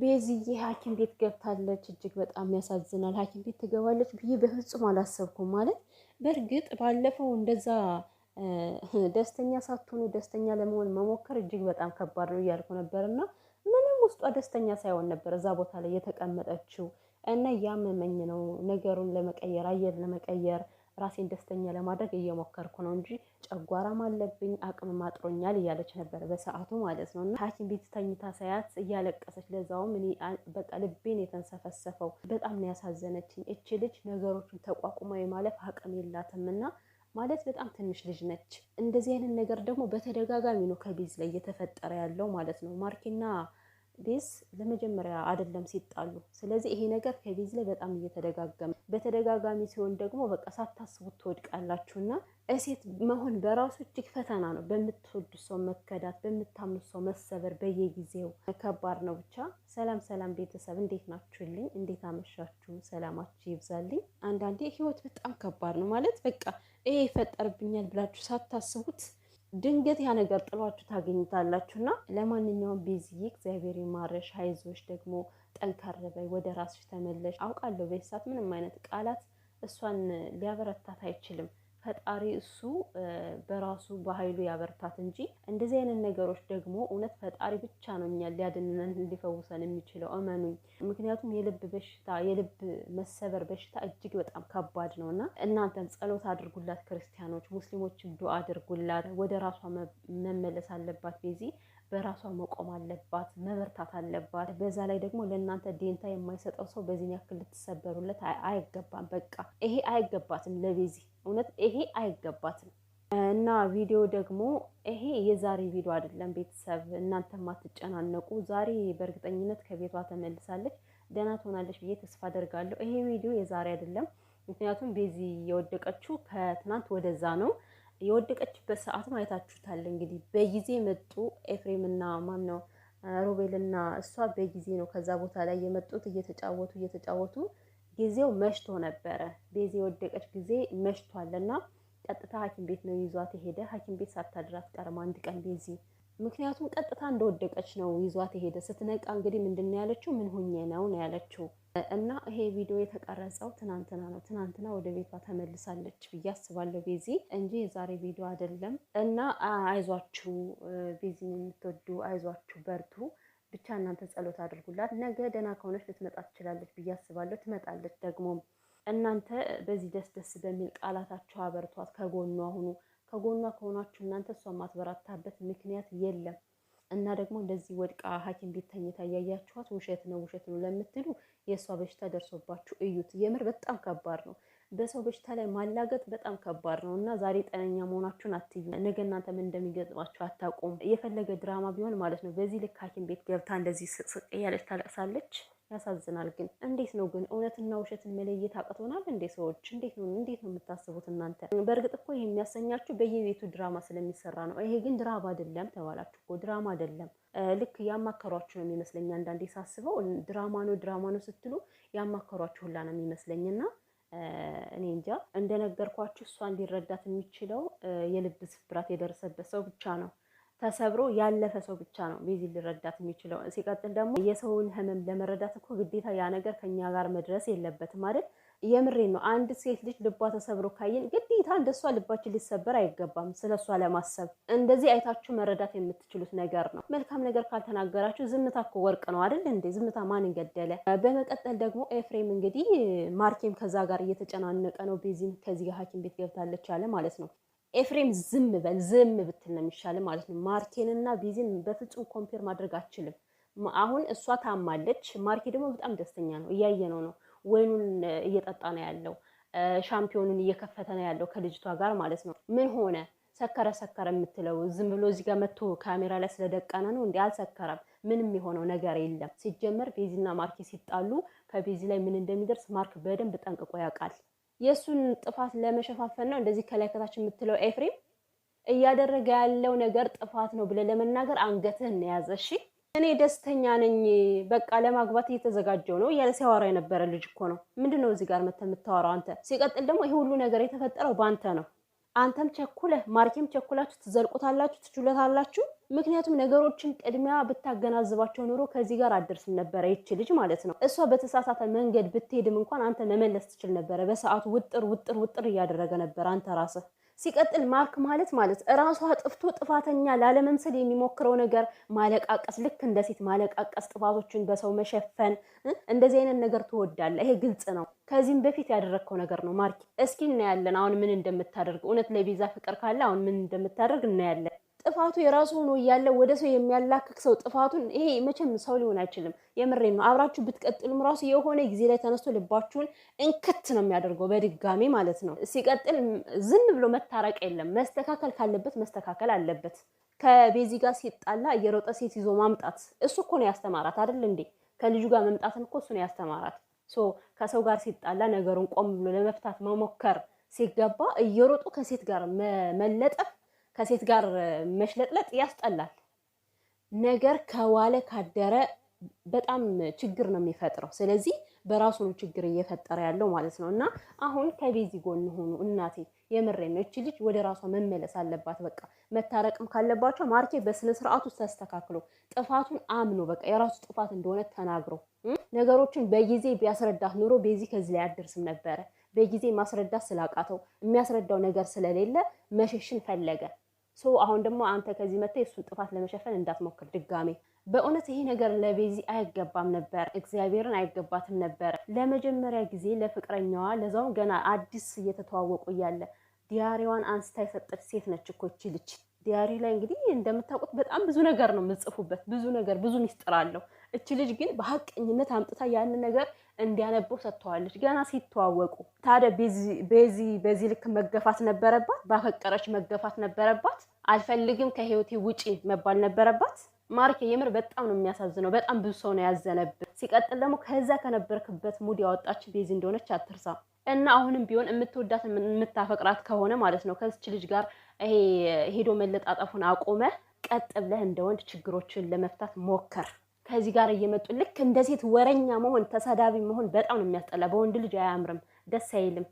ቤዝዬ ሐኪም ቤት ገብታለች። እጅግ በጣም ያሳዝናል። ሐኪም ቤት ትገባለች ብዬ በፍጹም አላሰብኩም። ማለት በእርግጥ ባለፈው እንደዛ ደስተኛ ሳትሆኑ ደስተኛ ለመሆን መሞከር እጅግ በጣም ከባድ ነው እያልኩ ነበር እና ምንም ውስጧ ደስተኛ ሳይሆን ነበር እዛ ቦታ ላይ የተቀመጠችው እና ያመመኝ ነው ነገሩን ለመቀየር አየር ለመቀየር ራሴን ደስተኛ ለማድረግ እየሞከርኩ ነው እንጂ ጨጓራም አለብኝ አቅምም አጥሮኛል እያለች ነበረ በሰዓቱ ማለት ነው። እና ሐኪም ቤት ተኝታ ሳያት እያለቀሰች ለዛውም እኔ በቃ ልቤን የተንሰፈሰፈው በጣም ነው ያሳዘነችኝ። እች ልጅ ነገሮችን ተቋቁማ የማለፍ አቅም የላትም እና ማለት በጣም ትንሽ ልጅ ነች። እንደዚህ አይነት ነገር ደግሞ በተደጋጋሚ ነው ከቢዝ ላይ እየተፈጠረ ያለው ማለት ነው ማርኬና ቤዝ ለመጀመሪያ አይደለም ሲጣሉ። ስለዚህ ይሄ ነገር ከቤዝ ላይ በጣም እየተደጋገመ በተደጋጋሚ ሲሆን ደግሞ በቃ ሳታስቡት ትወድቃላችሁ እና እሴት መሆን በራሱ እጅግ ፈተና ነው። በምትወዱ ሰው መከዳት፣ በምታምኑ ሰው መሰበር በየጊዜው ከባድ ነው። ብቻ ሰላም ሰላም ቤተሰብ እንዴት ናችሁልኝ? እንዴት አመሻችሁ? ሰላማችሁ ይብዛልኝ። አንዳንዴ ህይወት በጣም ከባድ ነው ማለት በቃ ይሄ ይፈጠርብኛል ብላችሁ ሳታስቡት ድንገት ያ ነገር ጥሏችሁ ታገኙታላችሁ። እና ለማንኛውም ቤዝዬ እግዚአብሔር ይማረሽ፣ ሀይዞች ደግሞ ጠንከር በይ፣ ወደ ራስሽ ተመለሽ። አውቃለሁ በሳት ምንም አይነት ቃላት እሷን ሊያበረታት አይችልም። ፈጣሪ እሱ በራሱ በኃይሉ ያበርታት እንጂ እንደዚህ አይነት ነገሮች ደግሞ እውነት ፈጣሪ ብቻ ነው እኛ ሊያድንነን ሊፈውሰን የሚችለው እመኑኝ። ምክንያቱም የልብ በሽታ የልብ መሰበር በሽታ እጅግ በጣም ከባድ ነው እና እናንተም ጸሎት አድርጉላት ክርስቲያኖች፣ ሙስሊሞችም ዱ አድርጉላት። ወደ ራሷ መመለስ አለባት ቤዚ በራሷ መቆም አለባት፣ መበርታት አለባት። በዛ ላይ ደግሞ ለእናንተ ዴንታ የማይሰጠው ሰው በዚህን ያክል ልትሰበሩለት አይገባም። በቃ ይሄ አይገባትም። ለቤዚ እውነት ይሄ አይገባትም። እና ቪዲዮ ደግሞ ይሄ የዛሬ ቪዲዮ አይደለም። ቤተሰብ እናንተ ማትጨናነቁ፣ ዛሬ በእርግጠኝነት ከቤቷ ተመልሳለች፣ ደህና ትሆናለች ብዬ ተስፋ አደርጋለሁ። ይሄ ቪዲዮ የዛሬ አይደለም፣ ምክንያቱም ቤዚ የወደቀችው ከትናንት ወደዛ ነው። የወደቀችበት ሰዓትም ማየታችሁታል። እንግዲህ በጊዜ መጡ ኤፍሬምና ማን ነው ሮቤልና እሷ በጊዜ ነው ከዛ ቦታ ላይ የመጡት። እየተጫወቱ እየተጫወቱ ጊዜው መሽቶ ነበረ። ቤዛ የወደቀች ጊዜ መሽቷል መሽቷልና ቀጥታ ሐኪም ቤት ነው ይዟት የሄደ። ሐኪም ቤት ሳታድራት ቀርማ አንድ ቀን ቤዛ ምክንያቱም ቀጥታ እንደወደቀች ነው ይዟት የሄደ። ስትነቃ እንግዲህ ምንድን ነው ያለችው? ምን ሆኜ ነው ነው ያለችው። እና ይሄ ቪዲዮ የተቀረጸው ትናንትና ነው። ትናንትና ወደ ቤቷ ተመልሳለች ብዬ አስባለሁ ቤዚ እንጂ የዛሬ ቪዲዮ አይደለም። እና አይዟችሁ ቤዚን የምትወዱ አይዟችሁ፣ በርቱ። ብቻ እናንተ ጸሎት አድርጉላት። ነገ ደህና ከሆነች ልትመጣ ትችላለች ብዬ አስባለሁ። ትመጣለች ደግሞ እናንተ በዚህ ደስ ደስ በሚል ቃላታችሁ አበርቷት፣ ከጎኗ ሁኑ። ከጎኗ ከሆናችሁ እናንተ እሷ ማትበራታበት ምክንያት የለም። እና ደግሞ እንደዚህ ወድቃ ሐኪም ቤት ተኝታ እያያችኋት ውሸት ነው ውሸት ነው ለምትሉ የእሷ በሽታ ደርሶባችሁ እዩት። የምር በጣም ከባድ ነው። በሰው በሽታ ላይ ማላገጥ በጣም ከባድ ነው እና ዛሬ ጤነኛ መሆናችሁን አትዩ። ነገ እናንተ ምን እንደሚገጥማችሁ አታውቁም። የፈለገ ድራማ ቢሆን ማለት ነው። በዚህ ልክ ሐኪም ቤት ገብታ እንደዚህ ስቅስቅ እያለች ታለቅሳለች። ያሳዝናል። ግን እንዴት ነው ግን እውነትና ውሸትን መለየት አቅቶናል እንዴ? ሰዎች እንዴት ነው እንዴት ነው የምታስቡት እናንተ? በእርግጥ እኮ የሚያሰኛችሁ በየቤቱ ድራማ ስለሚሰራ ነው። ይሄ ግን ድራማ አይደለም ተባላችሁ እኮ ድራማ አይደለም። ልክ ያማከሯችሁ ነው የሚመስለኝ አንዳንዴ ሳስበው። ድራማ ነው ድራማ ነው ስትሉ ያማከሯችሁ ሁላ ነው የሚመስለኝና እኔ እንጃ እንደነገርኳችሁ እሷ ሊረዳት የሚችለው የልብ ስብራት የደረሰበት ሰው ብቻ ነው። ተሰብሮ ያለፈ ሰው ብቻ ነው ቤዚን ሊረዳት የሚችለው። ሲቀጥል ደግሞ የሰውን ህመም ለመረዳት እኮ ግዴታ ያ ነገር ከኛ ጋር መድረስ የለበትም አይደል? የምሬን ነው። አንድ ሴት ልጅ ልቧ ተሰብሮ ካየን ግዴታ እንደሷ ልባችን ሊሰበር አይገባም። ስለሷ ለማሰብ እንደዚህ አይታችሁ መረዳት የምትችሉት ነገር ነው። መልካም ነገር ካልተናገራችሁ ዝምታ እኮ ወርቅ ነው አይደል እንዴ? ዝምታ ማንን ገደለ? በመቀጠል ደግሞ ኤፍሬም እንግዲህ ማርኬም ከዛ ጋር እየተጨናነቀ ነው። ቤዚን ከዚህ ሐኪም ቤት ገብታለች ያለ ማለት ነው። ኤፍሬም ዝም በል ዝም ብትል ነው የሚሻል ማለት ነው። ማርኬንና ቢዚን በፍጹም ኮምፔር ማድረግ አችልም። አሁን እሷ ታማለች፣ ማርኬ ደግሞ በጣም ደስተኛ ነው። እያየነው ነው፣ ወይኑን እየጠጣ ነው ያለው፣ ሻምፒዮኑን እየከፈተ ነው ያለው ከልጅቷ ጋር ማለት ነው። ምን ሆነ ሰከረ ሰከረ የምትለው ዝም ብሎ እዚህ ጋር መጥቶ ካሜራ ላይ ስለደቀነ ነው እንዲ። አልሰከረም። ምንም የሆነው ነገር የለም። ሲጀመር ቤዚና ማርኬ ሲጣሉ ከቤዚ ላይ ምን እንደሚደርስ ማርክ በደንብ ጠንቅቆ ያውቃል። የእሱን ጥፋት ለመሸፋፈን ነው እንደዚህ ከላይ ከታች የምትለው ኤፍሬም እያደረገ ያለው ነገር ጥፋት ነው ብለህ ለመናገር አንገትህን ያዘ። እሺ እኔ ደስተኛ ነኝ፣ በቃ ለማግባት እየተዘጋጀው ነው እያለ ሲያወራ የነበረ ልጅ እኮ ነው። ምንድን ነው እዚህ ጋር መተህ የምታወራው አንተ? ሲቀጥል ደግሞ ይሄ ሁሉ ነገር የተፈጠረው በአንተ ነው። አንተም ቸኩለህ ማርኬም ቸኩላችሁ ትዘልቁታላችሁ፣ ትችሉታላችሁ። ምክንያቱም ነገሮችን ቅድሚያ ብታገናዝባቸው ኑሮ ከዚህ ጋር አደርስም ነበረ ይች ልጅ ማለት ነው። እሷ በተሳሳተ መንገድ ብትሄድም እንኳን አንተ መመለስ ትችል ነበረ። በሰዓቱ ውጥር ውጥር ውጥር እያደረገ ነበር አንተ ራስህ ሲቀጥል ማርክ ማለት ማለት እራሷ ጥፍቶ ጥፋተኛ ላለመምሰል የሚሞክረው ነገር ማለቃቀስ፣ ልክ እንደ ሴት ማለቃቀስ፣ ጥፋቶችን በሰው መሸፈን፣ እንደዚህ አይነት ነገር ትወዳለ ይሄ ግልጽ ነው። ከዚህም በፊት ያደረግከው ነገር ነው ማርክ። እስኪ እናያለን አሁን ምን እንደምታደርግ። እውነት ለቤዛ ፍቅር ካለ አሁን ምን እንደምታደርግ እናያለን። ጥፋቱ የራሱ ሆኖ እያለ ወደ ሰው የሚያላክክ ሰው ጥፋቱን ይሄ መቼም ሰው ሊሆን አይችልም። የምሬ ነው። አብራችሁ ብትቀጥሉም ራሱ የሆነ ጊዜ ላይ ተነስቶ ልባችሁን እንክት ነው የሚያደርገው በድጋሜ ማለት ነው። ሲቀጥል ዝም ብሎ መታረቅ የለም። መስተካከል ካለበት መስተካከል አለበት። ከቤዚ ጋር ሲጣላ እየሮጠ ሴት ይዞ ማምጣት እሱ እኮ ነው ያስተማራት አይደል እንዴ? ከልጁ ጋር መምጣትን እኮ እሱ ነው ያስተማራት። ሶ ከሰው ጋር ሲጣላ ነገሩን ቆም ብሎ ለመፍታት መሞከር ሲገባ እየሮጡ ከሴት ጋር መለጠፍ ከሴት ጋር መሽለጥለጥ ያስጠላል። ነገር ከዋለ ካደረ በጣም ችግር ነው የሚፈጥረው። ስለዚህ በራሱ ነው ችግር እየፈጠረ ያለው ማለት ነው። እና አሁን ከቤዚ ጎን ሆኑ እናቴ፣ የምሬን ነው። እቺ ልጅ ወደ ራሷ መመለስ አለባት። በቃ መታረቅም ካለባቸው ማርኬ በስነ ስርዓቱ ተስተካክሎ ጥፋቱን አምኖ በቃ የራሱ ጥፋት እንደሆነ ተናግሮ ነገሮችን በጊዜ ቢያስረዳት ኑሮ ቤዚ ከዚህ ላይ አደርስም ነበረ። በጊዜ ማስረዳት ስላቃተው የሚያስረዳው ነገር ስለሌለ መሸሽን ፈለገ። ሶ አሁን ደግሞ አንተ ከዚህ መጥተህ የእሱን ጥፋት ለመሸፈን እንዳትሞክር ድጋሜ። በእውነት ይሄ ነገር ለቤዚ አይገባም ነበር፣ እግዚአብሔርን አይገባትም ነበር። ለመጀመሪያ ጊዜ ለፍቅረኛዋ ለዛውም ገና አዲስ እየተተዋወቁ እያለ ዲያሪዋን አንስታ የሰጠች ሴት ነች እኮ ይቺ ልጅ። ዲያሪ ላይ እንግዲህ እንደምታውቁት በጣም ብዙ ነገር ነው የምጽፉበት፣ ብዙ ነገር ብዙ ሚስጥር አለው። እች ልጅ ግን በሀቀኝነት አምጥታ ያንን ነገር እንዲያነቡ ሰጥተዋለች ገና ሲተዋወቁ። ታዲያ ቤዚ በዚህ ልክ መገፋት ነበረባት? ባፈቀረች መገፋት ነበረባት? አልፈልግም ከህይወቴ ውጪ መባል ነበረባት? ማርኬ የምር በጣም ነው የሚያሳዝነው። በጣም ብዙ ሰው ነው ያዘነብን። ሲቀጥል ደግሞ ከዛ ከነበርክበት ሙድ ያወጣች ቤዚ እንደሆነች አትርሳ እና አሁንም ቢሆን የምትወዳት የምታፈቅራት ከሆነ ማለት ነው ከዚች ልጅ ጋር ይሄ ሄዶ መለጣጠፉን አቁመ ቀጥ ብለህ እንደ ወንድ ችግሮችን ለመፍታት ሞከር። ከዚህ ጋር እየመጡ ልክ እንደ ሴት ወረኛ መሆን ተሳዳቢ መሆን በጣም ነው የሚያስጠላ። በወንድ ልጅ አያምርም፣ ደስ አይልም።